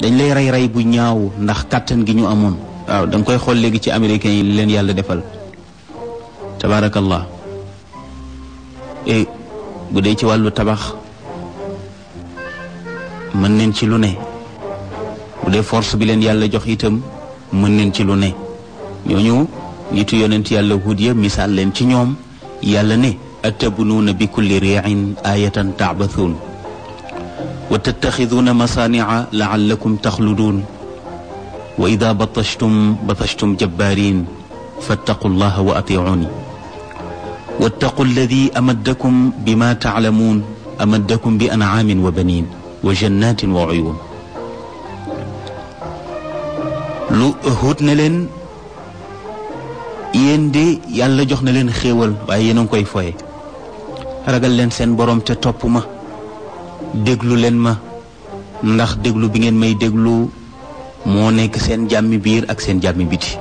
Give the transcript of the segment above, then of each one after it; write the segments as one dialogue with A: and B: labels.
A: dañ lay rey rey bu ñaaw ndax kàttan gi ñu amoon waaw da koy xool léegi ci américains yi leen yàlla defal tabaarakallah eh, bu dee ci wàllu tabax mën neen ci lu ne bu dee force bi leen yàlla jox itam mën neen ci lu ne ñooñu nitu yonent yàlla huud ya misaal leen ci ñoom yàlla ne atabnuuna bi kulli riin ayatan taabathuun وتتخذون مصانع لعلكم تخلدون وإذا بطشتم بطشتم جبارين فاتقوا الله وأطيعوني واتقوا الذي أمدكم بما تعلمون أمدكم بأنعام وبنين وجنات وعيون lu Hud يندي leen yéen de yàlla jox na leen xéewal waaye yéen a ngi déglu leen ma ndax déglu bi ngeen may déglu moo nekk seen jàmmi biir ak seen jàmmi biti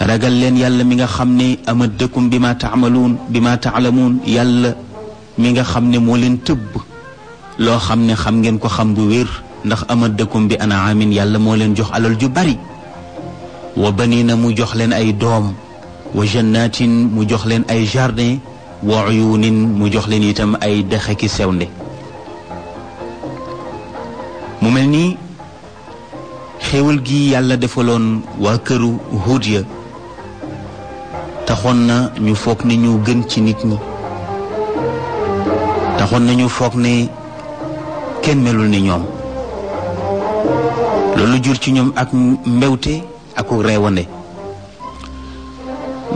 A: ragal leen yàlla mi nga xam ne ama dëkkum bi ma taamaluun bi ma taalamuun yàlla mi nga xam ne moo leen tëbb loo xam ne xam ngeen ko xam bu wér ndax ama dëkkum bi ana amin yàlla moo leen jox alal ju bari wa banina mu jox leen ay doom wa jannatin mu jox leen ay jardin wa uyunin mu jox leen itam ay dexe sew nde mu mel nii xéewal gi yàlla defaloon waa këru Huud ya taxoon na ñu foog ne ñu gën ci nit ñi taxoon na ñu foog ne kenn melul ni ñoom loolu jur ci ñoom ak mbewte ak reewande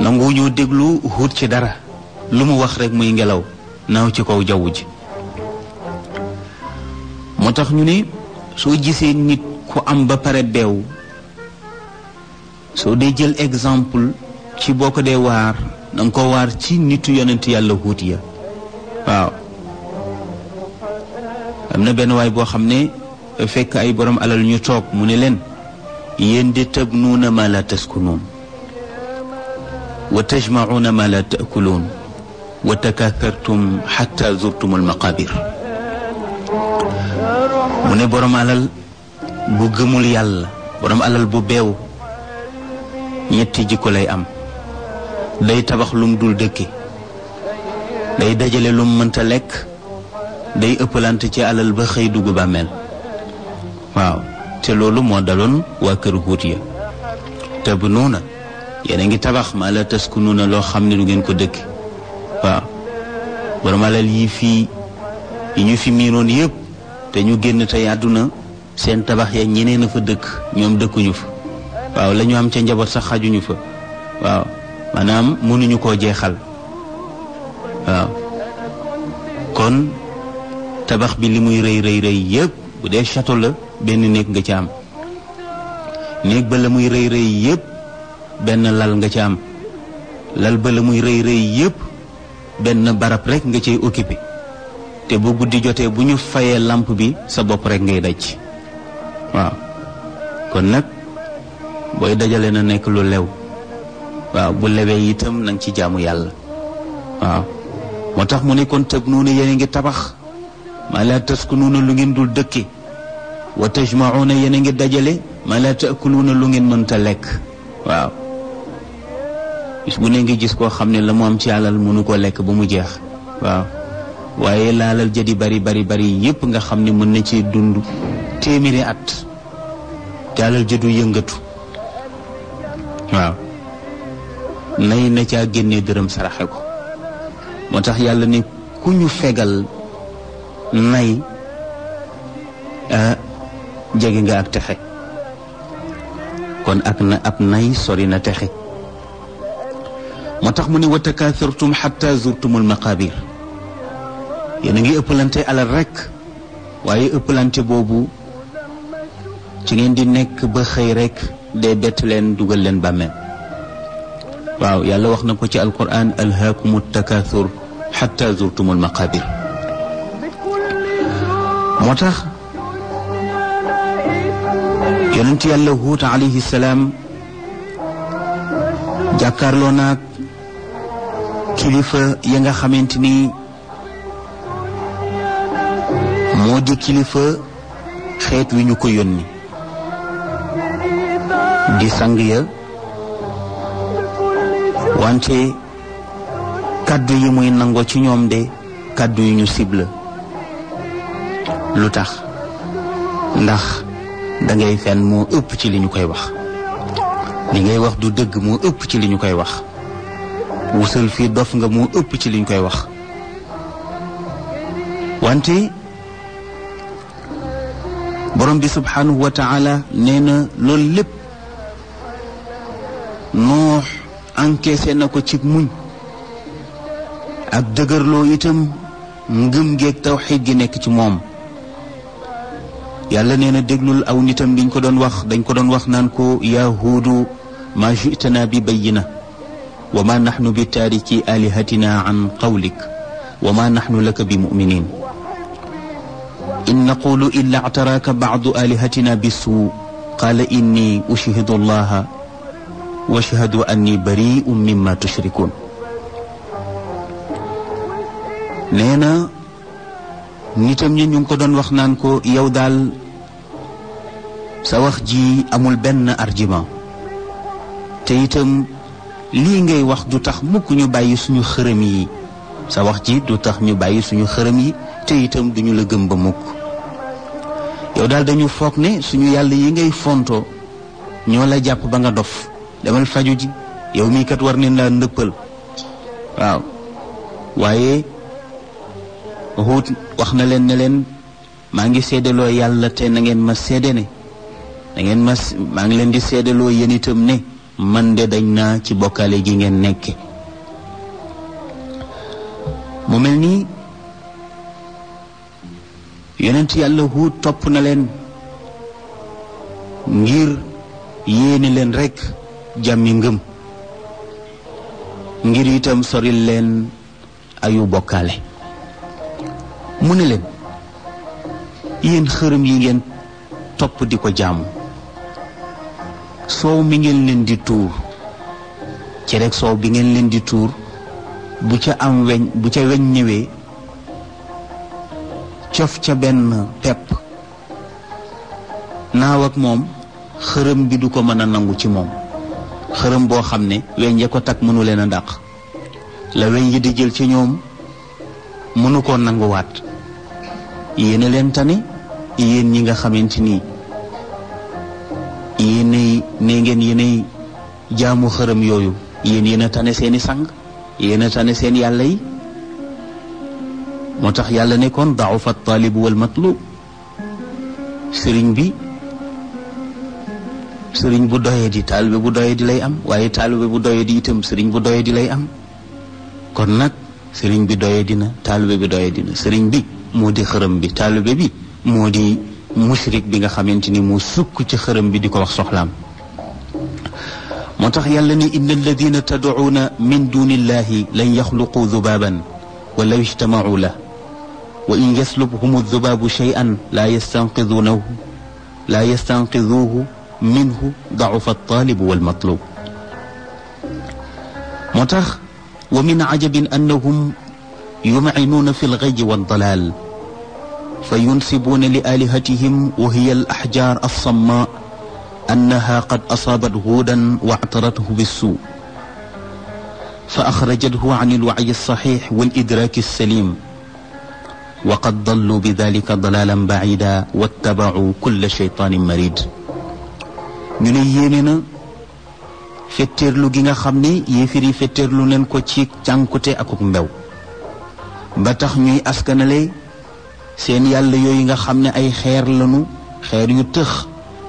A: nangu ñu déglu Huud ci dara lu mu wax rek muy ngelaw naaw ci kaw jaww ji moo tax ñu ne soo gisee nit ku am ba pare beew soo dee jël exemple ci boo ko dee waar danga ko waar ci nitu yonent yàlla huut ya waaw am na benn waay boo xam ne fekk ay borom alal ñu toog mu ne leen yéen di tabnuuna ma la taskunuun wa tajmacuuna ma la taakuluun وتكاثرتم حتى زرتم المقابر موني بروم علال بو گمول يالا بروم علال بو بيو نيتي جيكو لاي ام داي تابخ لوم دول دكي داي داجالي لوم منتا ليك داي اپلانت تي علال با خي دوغ بامل واو تي لولو مو دالون وا كير غوتيا تبنونا يا نغي تابخ مالا تسكنونا لو خامني نوجن كو دكي waaw borom yi fii yi ñu fi miinoon yëpp te ñu génn tey àdduna seen tabax ya ñeneen a fa dëkk ñoom dëkkuñu fa waaw la am ca njaboot sax xajuñu fa waaw maanaam mënuñu koo jeexal waaw kon tabax bi li muy rëy rëy rëy yépp bu dee château la benn néeg nga ci am néeg ba la muy rëy rëy yëpp benn lal nga ci am lal ba la muy rëy rëy yëpp benn barab rek nga okki bi te bu guddi jotee bu ñu fayee làmp bi sa bopp rek ngay daj waaw kon nag booy dajale na nekk lu lew waaw bu lewee itam na ci jaamu yàlla waaw moo tax mu ne kon tëb nuuna yéen a ngi tabax maa laa taskunuuna lu ngeen dul dëkki wa tajmauna yéen a ngi dajale maa laa taakuluuna lu ngeen mënta lekk waaw bis bu ne nga gis koo xam ne la mu am ci alal mënu koo lekk ba mu jeex waaw waaye laalal jëdi bari bari bari yépp nga xam ne mën na ci dund téeméeri at te alal jëdu yëngatu waaw nay na caa génnee dërëm saraxe ko moo tax yàlla ne ku ñu fegal nay ah, jege nga ak texe kon ak na ab nay sori na texe motax tax mu ne wa takaasurtum xatta zurtumul maqabir yene ngi ëppalante ala rek waye ëppalante bobu ci ngeen di nek ba xëy rek de bett len dugal len bàmmeel waaw yàlla wax na ko ci alquran alhaakumu takathur hatta zurtumul maqabir motax yonent yàlla huut alayhi salam jàkkaarloo kilifa ya nga xamante ni moo di kilifa xeet wi ñu ko yónni di sang ya wante kàddu yi muy nangoo ci ñoom de kàddu yu ñu cible lu tax ndax dangay fen moo ëpp ci li ñu koy wax li ngay wax du dëgg moo ëpp ci li ñu koy wax wusal fii dof nga moo ëpp ci liñ koy wax wante borom bi subhanahu wa nee na lool lépp noox encaissé na ko ci muñ ab dëgërloo itam ngëm geeg tawxiid gi nekk ci moom yàlla nee na déglul aw nitam liñ ko doon wax dañ ko doon wax naan ko yaa huudu ma ji'tana bi na وما نحن بتاركي آلهتنا عن قولك وما نحن لك بمؤمنين إن نقول إلا اعتراك بعض آلهتنا بسوء قال إني أشهد الله واشهد أني بريء مما تشركون نينا نتم nitam ñi وخنانكو يودال سوخجي أمول بن أرجما تيتم lii ngay wax du tax mukk ñu bàyyi suñu xërëm yi sa wax ji du tax ñu bàyyi suñu xërëm yi te itam duñu la gëm ba mukk yow daal dañu foog ne suñu yàlla yi ngay fontoo ñoo la jàpp ba nga dof demal faju ji yow mii kat war nañ laa ndëppal waaw waaye Huud wax na leen ne leen maa ngi seddaloo yàlla te na ngeen ma seede ne na ma maa ngi leen di seddaloo yéen itam ne man de dañ naa ci bokkaale gi ngeen nekke mu mel nii yonent yàlla huut topp na leen ngir yéene leen rekk jàmmi ngëm ngir itam soril leen ayu bokkaale mu ne leen yéen xërëm yi ngeen topp di ko jaamu soow mi ngeen leen di tuur ci soow bi ngeen leen di tuur bu ca am weñ bu ca weñ ñëwee cof ca benn pepp naaw moom xërëm bi du ko mën a nangu ci moom xërëm boo xam ne weñ ya ko takk mënu leen a dàq la weñ yi di jël ci ñoom mënu koo nanguwaat yéen a leen tane yéen ñi nga xamante nii yéenay ne ngeen yéenay jaamu xërëm yooyu yéen yéen tane seeni sang yéen a tane seen yàlla yi moo tax yàlla nekkoon kon daafa taalib wal sëriñ bi sëriñ bu doyee di taalibe bu doyee di lay am waaye taalibe bu doyee di itam sëriñ bu doyee di lay am kon nag sëriñ bi doyee dina taalibe bi doyee dina sëriñ bi moo di xërëm bi taalibe bi moo di musrik bi nga xamante ni moo sukk ci xërëm bi di ko wax soxlaam moo tax yàlla ni inna alladina tadcuuna min duni illahi lan yaxluqu dubaaban walaw ijtamacuu la wa in yaslubhum aldubaabu cheyan laa yastanqiduunahu laa yastanqiduuhu minhu dacufa altaalibu walmatlub moo tax wa min cajabin annahum yumcinuuna fi alxayi waldalaal فينسبون لآلهتهم وهي الأحجار الصماء أنها قد أصابت هودا واعترته بالسوء فأخرجته عن الوعي الصحيح والإدراك السليم وقد ضلوا بذلك ضلالا بعيدا واتبعوا كل شيطان مريد ñu فترلو جينا خمني يفري فترلو nga xam ne yéefir yi fetteerlu neen ñuy askanale seen yàlla yooyu nga xam ne ay xeer lañu xeer yu tëx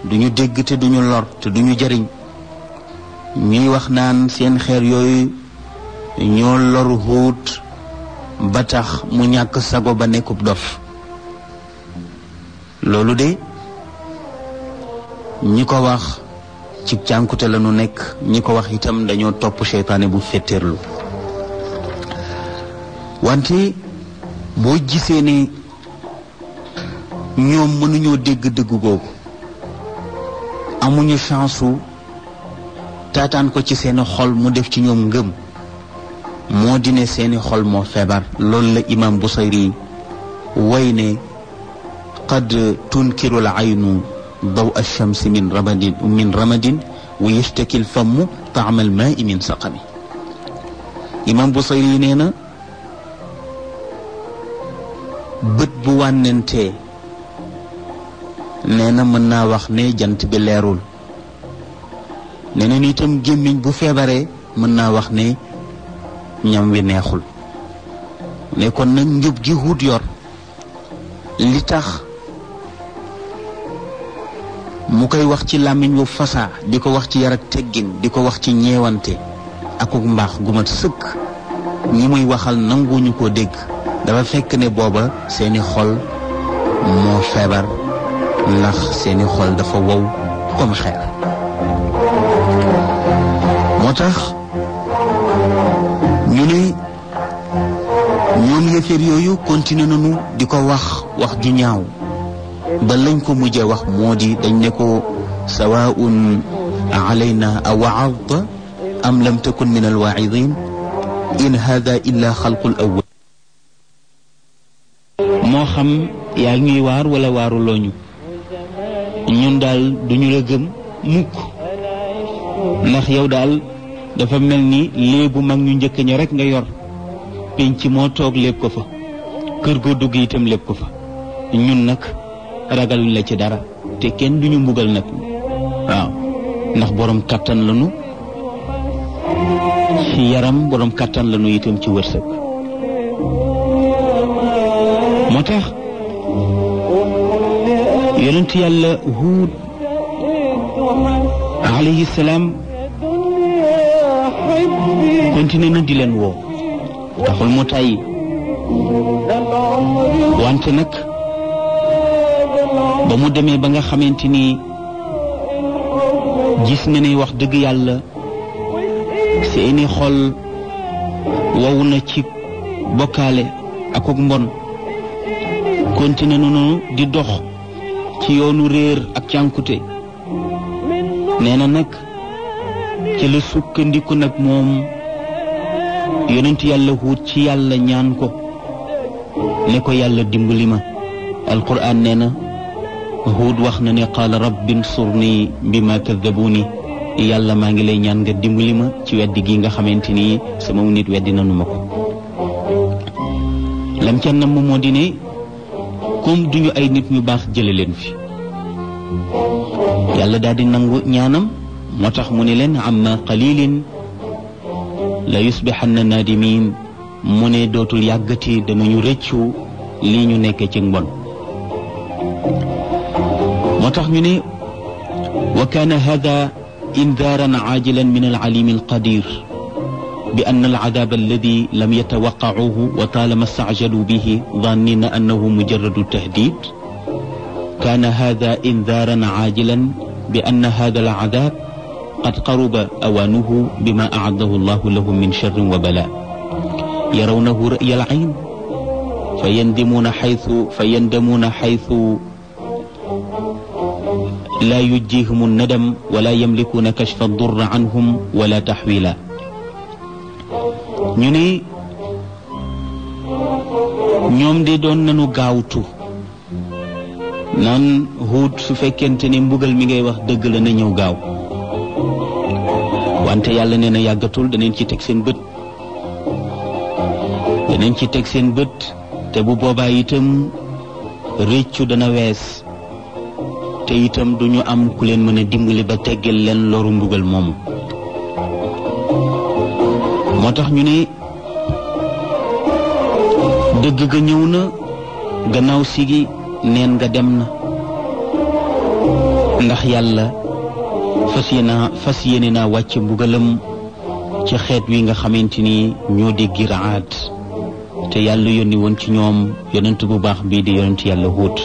A: duñu dégg te duñu lor te duñu jariñ ñuy wax naan seen xeer yooyu ñoo loru Huud ba tax mu ñàkk sago ba nekkub dof loolu de ñi ko wax ci cànkute la ñu nekk ñi ko wax itam dañoo topp seytaane bu fetteerlu wante boo gisee ne ñoom mënuñoo dégg dëgg googu amuñu chance su taataan ko ci seeni xol mu def ci ñoom ngëm moo di ne seeni xol moo feebar loolu la imam Busayri way ne qad tunkiru l aynu daw alchamsi min ramadin min ramadin wa yashtaki l famu taama al maai min saqami imam Busayri nee na bët bu wànnentee nee na mën naa wax ne jant bi leerul neneen itam gémmiñ bu feebaree mën naa wax ne ñam wi neexul ne kon nag njub gi wut yor li tax mu koy wax ci làmmiñ wu fasaa di ko wax ci yar ak teggin di ko wax ci ñeewante akuk mbaax gu mat sëkk ñi muy waxal nanguñu ko dégg dafa fekk ne booba seeni xol moo feebar ndax seeni xol dafa wow comme xeer moo tax ñu ne ñoom yëfeer yooyu continué nañu di ko wax wax ju ñaaw ba lañ ko mujjee wax moo di dañ ne ko sawaun علينا أوعظت أم لم تكن من الواعظين إن هذا إلا خلق الأول moo xam yaa ngi waar wala waaru looñu ñun daal duñu la gëm mukk ndax yow daal dafa mel ni léebu mag ñu njëkk ñi rekk nga yor penc moo toog lépp ko fa kër goo dugg itam lépp ko fa ñun nag ragaluñ la ci dara te kenn duñu mbugal nag waaw ndax boroom kàttan lañu ci yaram borom kàttan lañu itam ci wërsëg moo tax yonent yàlla Huud alayhi salaam na di leen woo taxul mu tàyyi wante nag ba mu demee ba nga xamante ni gis na ne wax dëgg yàlla seeni xol wow na ci bokkaale ak ak mbon continué noonu di dox ci yoonu réer ak cànkute nee na nag ci sukkandiku nag moom yonent yàlla huut ci yàlla ñaan ko ne ko yàlla dimbali ma alquran nee na huut wax na ne qaala rabbi nsurni bi ma ni yàlla maa ngi lay ñaan nga dimbali ma ci weddi gi nga xamante ni sama nit weddi nanu ma ko lam ca namm moo di ne comme duñu ay nit ñu baax jële leen fi yàlla daal di nangu ñaanam motax mu ne leen amma qalilin la yusbihanna nadimin mu ne dootul yàggati ñu rëccu lii ñu nekkee ci mbon moo tax ñu ne wa kaana hada indaaran aajilan min al alim al qadir بأن العذاب الذي لم يتوقعوه وطالما استعجلوا به ظانين أنه مجرد تهديد كان هذا إنذارا عاجلا بأن هذا العذاب قد قرب أوانه بما أعده الله لهم من شر وبلاء يرونه رأي العين فيندمون حيث فيندمون حيث لا يجيهم الندم ولا يملكون كشف الضر عنهم ولا تحويلا ñu ni ñoom di doon nañu gaawtu naan Huud su fekkente ni mbugal mi ngay wax dëgg la na ñëw gaaw wante yàlla nee na yàggatul danañ ci teg seen bët danañ ci teg seen bët te bu boobaa itam réccu dana wees te itam duñu am ku leen mën a dimbali ba teggal leen loru mbugal moomu moo tax ñu ne dëgg ga ñëw na gannaaw sigi neen nga dem na ndax yàlla fas yéenaa fas yéene naa wàcc mbugalam ci xeet wi nga xamante ni ñoo di giraat te yàlla yónni woon ci ñoom yonent bu baax bii di yonent yàlla Huud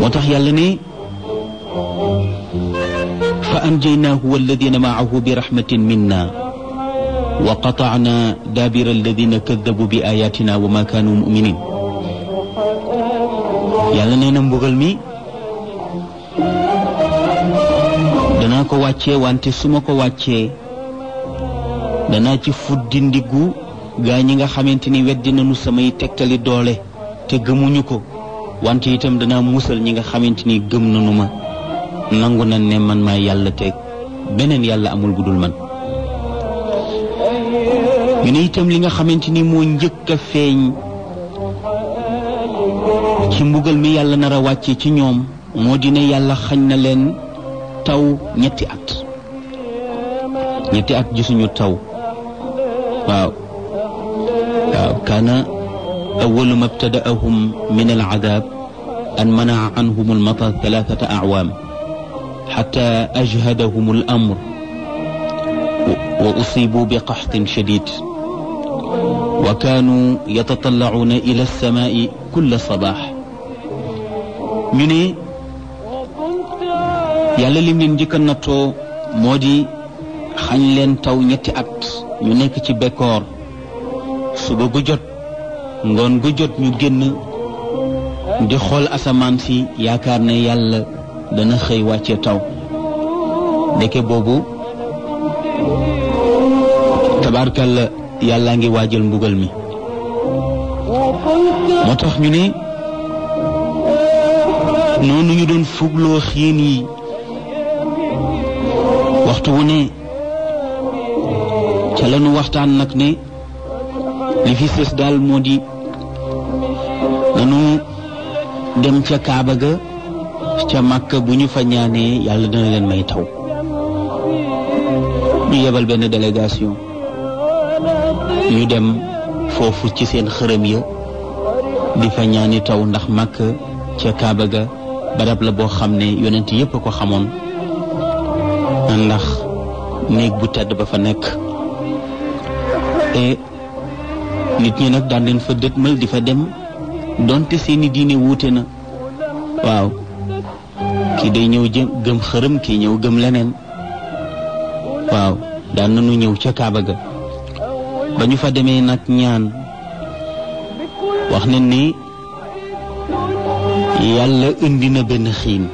A: moo tax yàlla ne anjaynaahu walladina maahu bi rahmatin minna wa qataana daabira alladina kaddabu bi ayatina wa ma kaanu muminin yàlla nee na mbugal mi danaa ko wàccee wante su ma ko wàccee danaa ci fuddi ndiggu gaa ñi nga xamante ni weddi nañu samay tegtali doole te gëmuñu ko wante itam danaa musal ñi nga xamante ni gëm nañu ma nangu nañ ne man ma yàlla te benen yàlla amul budul man ñu ne itam li nga xamanteni mo ñeuk feñ ci mbugal mi yàlla nara a wàcce ci ñoom moo dina yàlla xagn na len taw ñetti at ñetti at gisuñu taw waaw waaw kaana أول ما ابتدأهم من العذاب أن منع عنهم المطر ثلاثة أعوام حتى أجهدهم الأمر وأصيبوا بقحط شديد وكانوا يتطلعون إلى السماء كل صباح مني يالا لي من ديك النطو مودي خان لين تاو نيتي ات ني نيك سي بيكور سوبا بو جوت نغون بو جوت ني ген دي خول اسمان سي ياكار ني يالا dana xëy wàcce taw ndeke boobu tabaarkalla yàllaa ngi waajal mbugal mi moo tax ñu ne noonu ñu doon fugloo xiin yi waxtu wu ca lañu waxtaan nag ne li fi sës daal moo di nanu dem ca Kaaba ga ca màkk bu ñu fa ñaanee yàlla dana leen may taw ñu yebal benn délégation ñu dem foofu ci seen xërëm ya di fa ñaani taw ndax màkk ca Kaaba ga barab la boo xam ne yonent yépp a ko xamoon ndax néeg bu tedd ba fa nekk et nit ñi nag daan leen fa dëtmal di fa dem donte seeni diine wuute na waaw kii day ñëw jëm gëm xërëm kii ñëw gëm leneen waaw daan nañu ñëw ca Kaaba ga ba ñu fa demee nag ñaan wax ne ni yàlla indi na benn xiin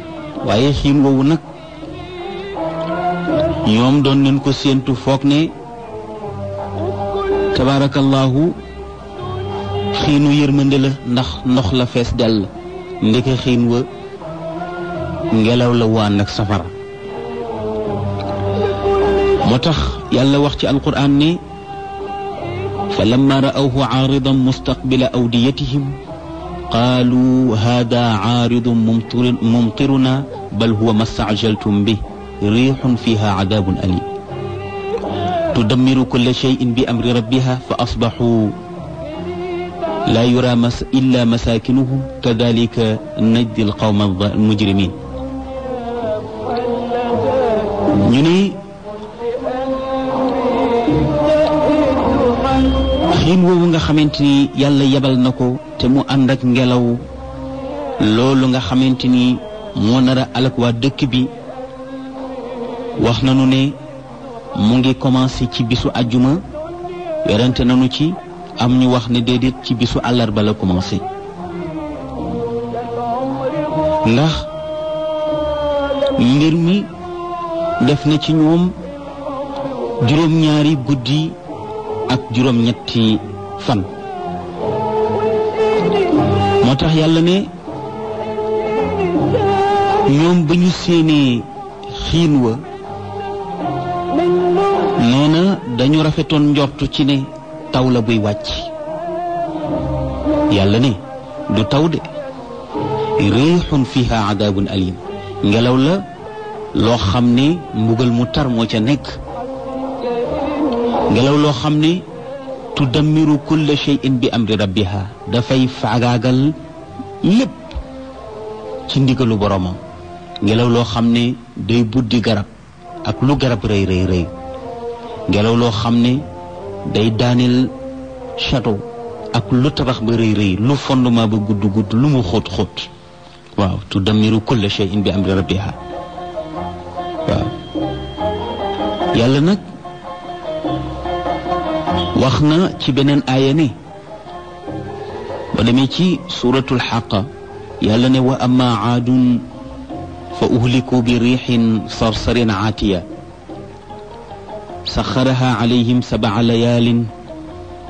A: waaye xiin woowu nag ñoom doon nañ ko séentu foog ne tabaarakallaahu xiinu yërmande ndax ndox la fees dell ndeke xiin wa ngelaw la waan ak safara moo tax yàlla wax ci alquran ne fa lamma raawhu aaridan mustaqbila awdiyatihim qaalu hada aaridun mumtiruna bal huwa ma staajaltum bih riixun fiha cadaabun alim tudammiru kulla shayin bi amri rabbiha fa asbaxuu لا يرى مس إلا مساكنهم كذلك نجزي القوم المجرمين ñu ni xiin woowu nga xamante ni yàlla yebal na ko te mu ànd ak ngelaw loolu nga xamante ni moo nar a alak waa dëkk bi wax nanu ne mu ngi commencé ci bisu ajjuma yarante nanu ci am ñu wax ne déedéet ci bisu àllarba la ndax mbir mi def na ci ñoom juróom-ñaari guddi ak juróom-ñetti fan moo tax yàlla ne ñoom ba ñu séenee xiin wa nee dañu rafetoon njort ci ne taw la buy wàcc yàlla ne du taw de réexun fiha adabun alim ngelaw la loo xam ni mbugal mu tar moo ca nekk ngelaw loo xam ni tudammiru kulla shay'in bi amri rabbiha dafay faagaagal lépp ci ndigalu boromam ngelaw loo xam ne day buddi garab ak lu garab rëy rëy rëy ngelaw loo xam ne day daaneel château ak lu tabax ba rëy rëy lu fondement ba gudd gudd lu mu xóot xóot waaw tudammiru kulla shay'in bi amri rabbiha yàlla nag wax na ci beneen aaya ne ba demee ci suratul xaqa yàlla ne wa amma aadun fa uhliku bi riixin sarsarin aatiya سخرها عليهم سبع ليال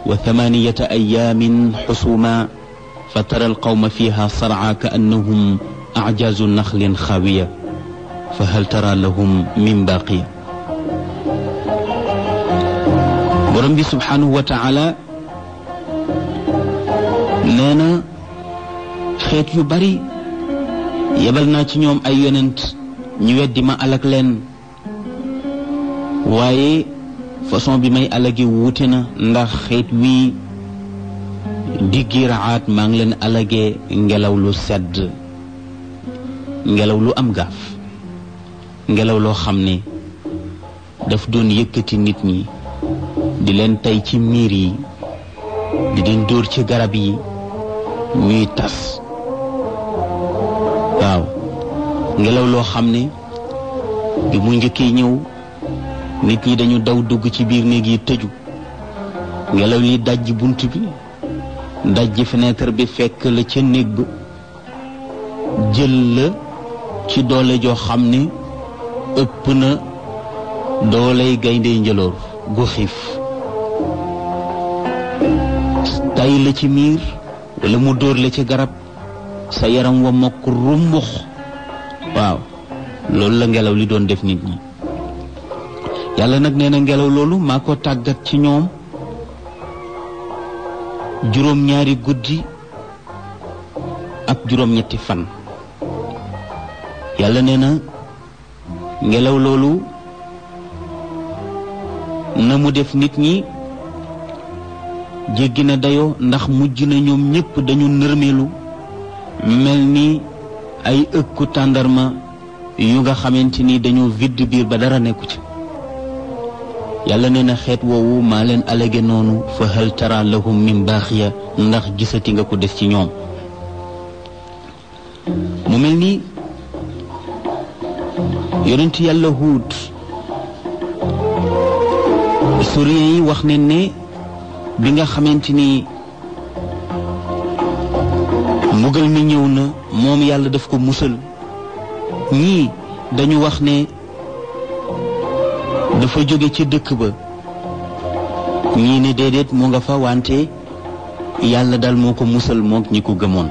A: وثمانية أيام حسوما فترى القوم فيها صرعى كأنهم أعجاز نخل خاوية فهل ترى لهم من باقيه borom bi subhanahu wa taala nee na xeet yu bari yebal naa ci ñoom ay yonent ñu weddi ma alak leen waaye façon bi may alage wuute na ndax xeet wii diggi raxaat maa ngi leen alage ngelaw lu sedd ngelaw lu am gaaf ngelaw loo xam ne daf doon yëkkati nit ñi di leen tey ci miir yi di leen dóor ci garab yi ñuy tas waaw ngelaw loo xam ni bi mu njëkkee ñëw nit ñi dañu daw dugg ci biir néeg yi tëju ngelaw li dajj bunt bi dajj fenêtre bi fekk la ca néeg ba jël la ci doole joo xam ni ëpp na dooley gayndey njëloor gu xiif gàyyi la ci miir wala mu dóor la ci garab sa yaram wa mokk rumbux waaw loolu la ngelaw li doon def nit ñi yàlla nag nee na ngelaw loolu maa ko tàggat ci ñoom juróom ñaari guddi ak juróom ñetti fan yàlla nee na ngelaw loolu na mu def nit ñi jéggi na dayoo ndax mujj na ñoom ñépp dañu nërmeelu mel ni ay ëkku tàndarma yu nga xamante ni dañoo vidd biir ba dara nekku ci yàlla nee na xeet woowu maa leen alage noonu fa hal tara lahum min baaxiya ndax gisati nga ko des ci ñoom mu mel ni yonent yàlla huut historien yi wax ne ne bi nga xamante ni mbugal mi ñëw na moom yàlla daf ko musal ñii dañu wax ne dafa jóge ci dëkk ba ñii ne déedéet mu nga fa wante yàlla daal moo ko musal moog ñi ko gëmoon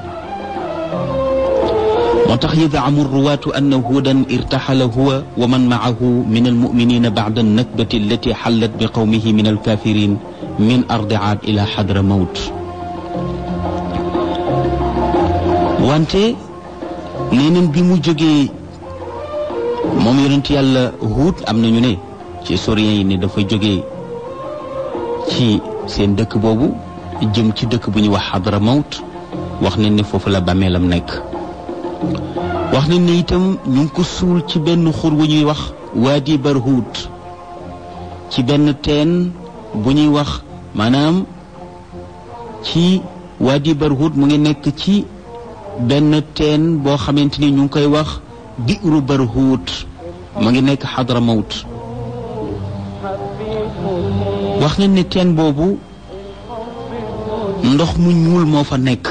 A: moo tax yadaamu ruwaatu anna huudan irtaxala huwa wa man maahu min almuminina bacda annakbati allati xallat bi qawmihi min alkafirin min ardi aad ila xadra wante nee bi mu jógee moom yonent yàlla huut am nañu ne ci sorien yi ne dafa jóge ci seen dëkk boobu jëm ci dëkk bu ñuy wax xadra mawt wax nañ ne foofu la bàmmeelam nekk wax nañ ne itam ñu ngi ko suul ci benn xur wu ñuy wax waadi barhuut ci benn teen bu ñuy wax maanaam ci Wadi Barhut mu ngi nekk ci benn teen boo xamante ni ñu ngi koy wax Biiru Barhut mu ngi nekk Hadramawt wax nañ ne teen boobu ndox mu ñuul moo fa nekk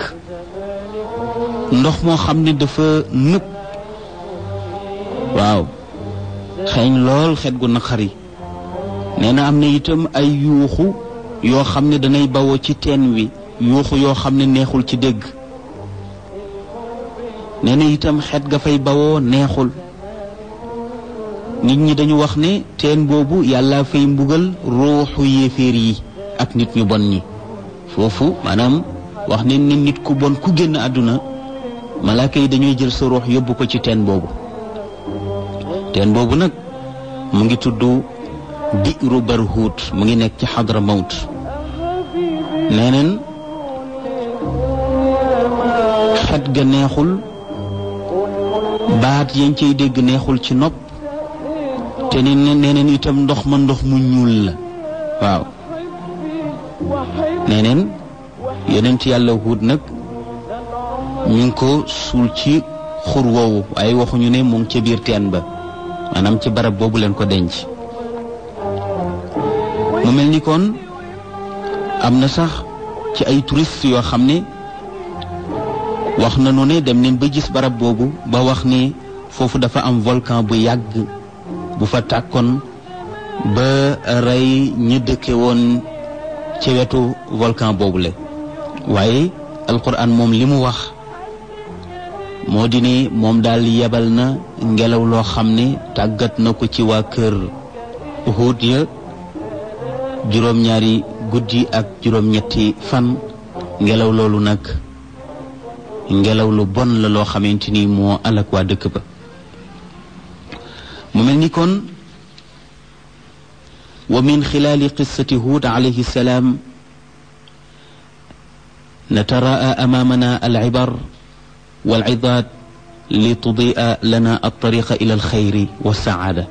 A: ndox moo xam ne dafa nëb waaw xeeñ lool xet gu naqari nee na am na itam ay yuuxu yoo xam ne danay bawoo ci teen wi yuuxu yoo xam ne neexul ci dégg nee na itam xet ga fay bawoo neexul nit ñi dañu wax ne teen boobu yàlla fay mbugal ruuxu yéeféer yi ak nit ñu bon ni foofu maanaam wax ne ni nit ku bon ku génn àdduna malaaka yi dañuy jël sa ruux yóbbu ko ci teen boobu teen boobu nag mu ngi tudd diiru barhuut mu ngi nekk ci xadra mawt nee xet ga neexul baat yañ cay dégg neexul ci nopp te ne neeneen itam ndox ma ndox mu ñuul la waaw neneen neen ci yàlla huut nag ñu ngi ko suul ci xur woowu waaye ñu ne mu ca biir teen ba maanaam ci barab boobu leen ko denc mu mel ni kon am na sax ci ay touristes yoo xam ne wax nañu ne dem nañ ba gis barab boobu ba wax ne foofu dafa am volcan bu yàgg bu fa tàkkoon ba rey ñi dëkke woon ci wetu volcan boobule waaye alquran moom li mu wax moo di ne moom daal yebal na ngelaw loo xam ne tàggat na ko ci waa kër Huud ya جروم ناري غدي اك جروم نيتي فان نغلاو لولو نك نغلاو لو بون لا لو مو الاك وا با مملني كون ومن خلال قصه هود عليه السلام نتراءى امامنا العبر والعظات لتضيء لنا الطريق الى الخير والسعاده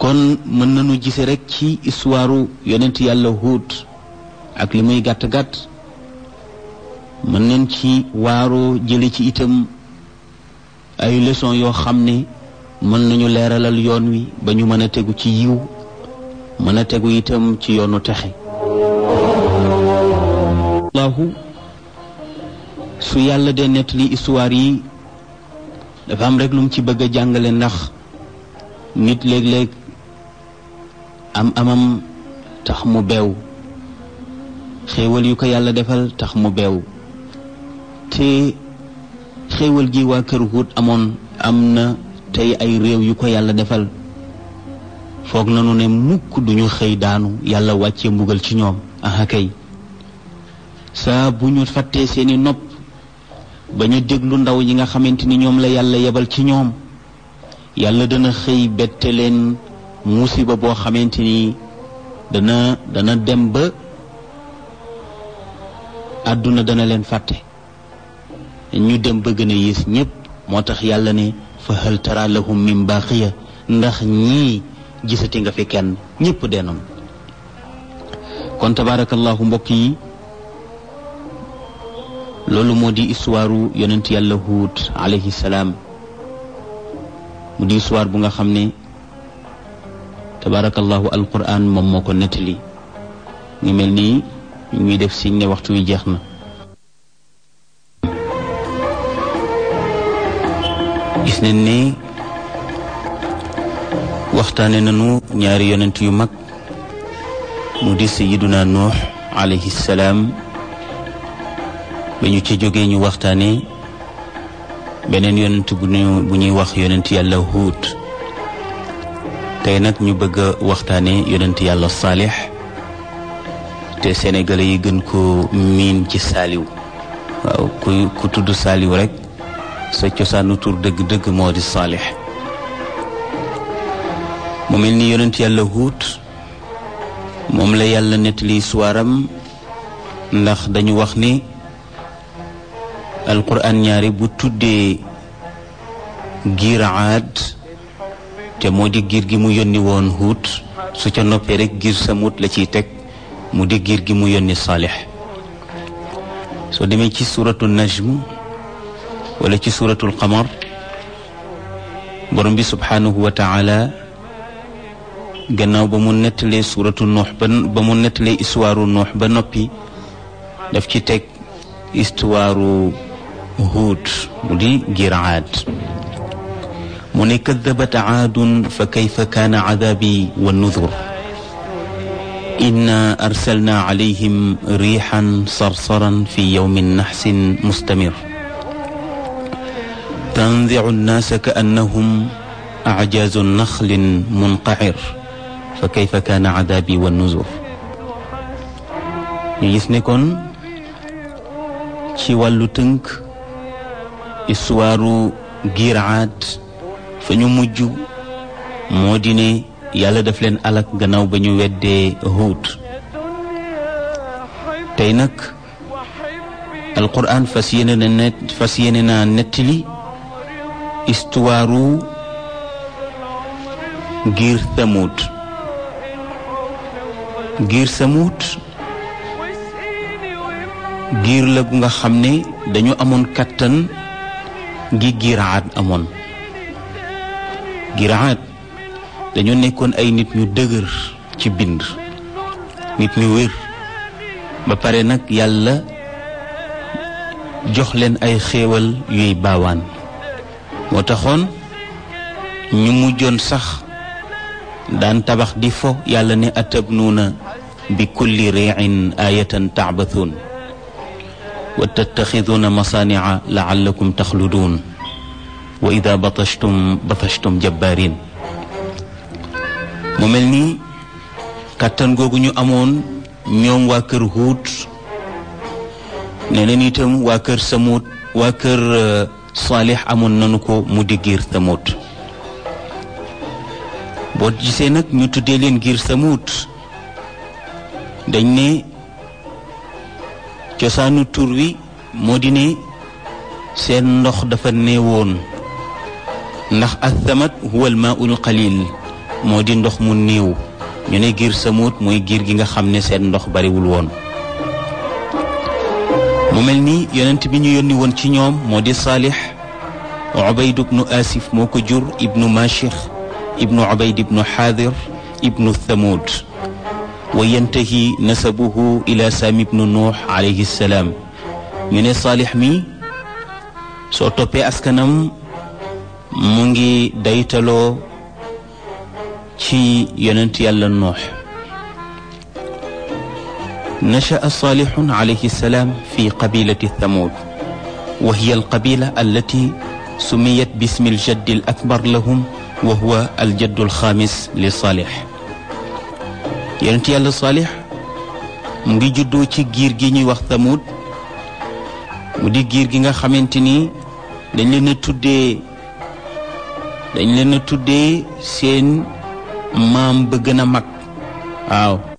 A: kon mën nañu gise rek ci histoire yonent yàlla Huud ak li muy gàtt gàtt mën nañ ci waaroo jële ci itam ay leçon yoo xam ne mën nañu leeralal yoon wi ba ñu mën a tegu ci yiw mën a tegu itam ci yoonu texe su yàlla dee nettali histoire yi dafa am rek lu mu ci bëgg a jàngale ndax nit léeg-léeg am amam tax mu beew xéewal yu ko yàlla defal tax mu beew te xéewal gi waa kër Huud amoon am na tey ay réew yu ko yàlla defal foog nu ne mukk duñu xëy daanu yàlla wàcce mbugal ci ñoom aha kay saa bu ñu fàttee seeni nopp ba ñu déglu ndaw yi nga xamante ni ñoom la yàlla yebal ci ñoom yàlla dana xëy bette leen musiba bo xamanteni dana dana dem ba aduna dana len fàtte ñu dem bëgg na yees yées motax yalla ne fa hal tara lahum min baqiya ndax ñi gisati nga fi kenn ñépp denoon kon tabarakallah mbokk yi modi moo yonent yalla hud alayhi salam iswar bu nga xamne tabaarakallaahu alquran moom moo ko nettali ngi mel nii ñuy def siñ ne waxtu wi jeex na gis nañ ne waxtaane nanu ñaari yonent yu mag mu di sayiduna nuux alayhi salaam ba ñu ci jógee ñu waxtaane beneen yonent bu ñuy wax yonent yàlla huut tey nag ñu bëgg a waxtaane yonent yàlla saalix te sénégalais yi gën ko miin ci saaliw waaw ku tudd saaliw rek sa cosaanu tur dëgg-dëgg moo di saalix mu mel ni yonent yàlla huut moom la yàlla nettali suwaaram ndax dañu wax ni alquran ñaari bu tuddee giiraad te moo di giir gi mu yónni woon huut su ca noppee rek giir muut la ciy teg mu di giir gi mu yónni saalix soo demee ci suuratu najm wala ci suuratul qamar borom bi subhaanahu wa taala gannaaw ba mu nettalee suuratu nuux ba noppi daf ci teg istuwaaru huut mu di giir aad من كذبت عاد فكيف كان عذابي والنذر إنا أرسلنا عليهم ريحا صرصرا في يوم نحس مستمر تنزع الناس كأنهم أعجاز نخل منقعر فكيف كان عذابي والنذر يسنكن شوال لتنك إسوار جيرعات fa ñu mujj moo di ne yàlla daf leen alak gannaaw ba ñu weddee Huud tey nag alquran fas yéene na net fas yéene naa nettali histoire giir Samuud giir giir la gu nga xam ne dañu amoon kàttan gi giiraat amoon giraat dañu nekkoon ay nit ñu dëgër ci bind nit ñu wér ba pare nag yàlla jox leen ay xéewal yuy baawaan moo taxoon ñu mujjoon sax daan tabax di fo yàlla ne atabnuuna bi kulli riin ayatan taabathuun wa tattaxiduuna masaanica laallakum taxluduun wa ida batashtum batashtum jabbaarin mu mel ni kàttan googu ñu amoon ñoom waa kër Huut ne leen itam waa kër Samuut waa kër euh, Saalix amoon nanu ko mu di giir Samuut boot gisee nag ñu tuddee leen ngir giir Samuut dañ ne cosaanu tur wi moo di ne seen ndox dafa néewoon ndax athamat huwa almaul qalil modi di ndox mu new ñu gir samut moy gir gi nga xamne sen seen bari wul won mu melni yonent bi ñu yoni won ci ñom modi salih saalix ubayd ibn asif moko jur ibn mashikh ibn ubayd ibn hadir ibn thamud wa yantahi nasabuhu ila saami ibnu nuux alayhi salaam ñu ne saalix mi soo toppee askanam مونغي دايتالو ci yonent yalla nuh نشا صالح عليه السلام في قبيله الثمود وهي القبيله التي سميت باسم الجد الاكبر لهم وهو الجد الخامس لصالح يونت يالا صالح مغي جودو سي غير ني واخ ثمود مودي غير غيغا خامتيني دنج لي نتودي dañ leen a tuddee seen maam ba gën mag waaw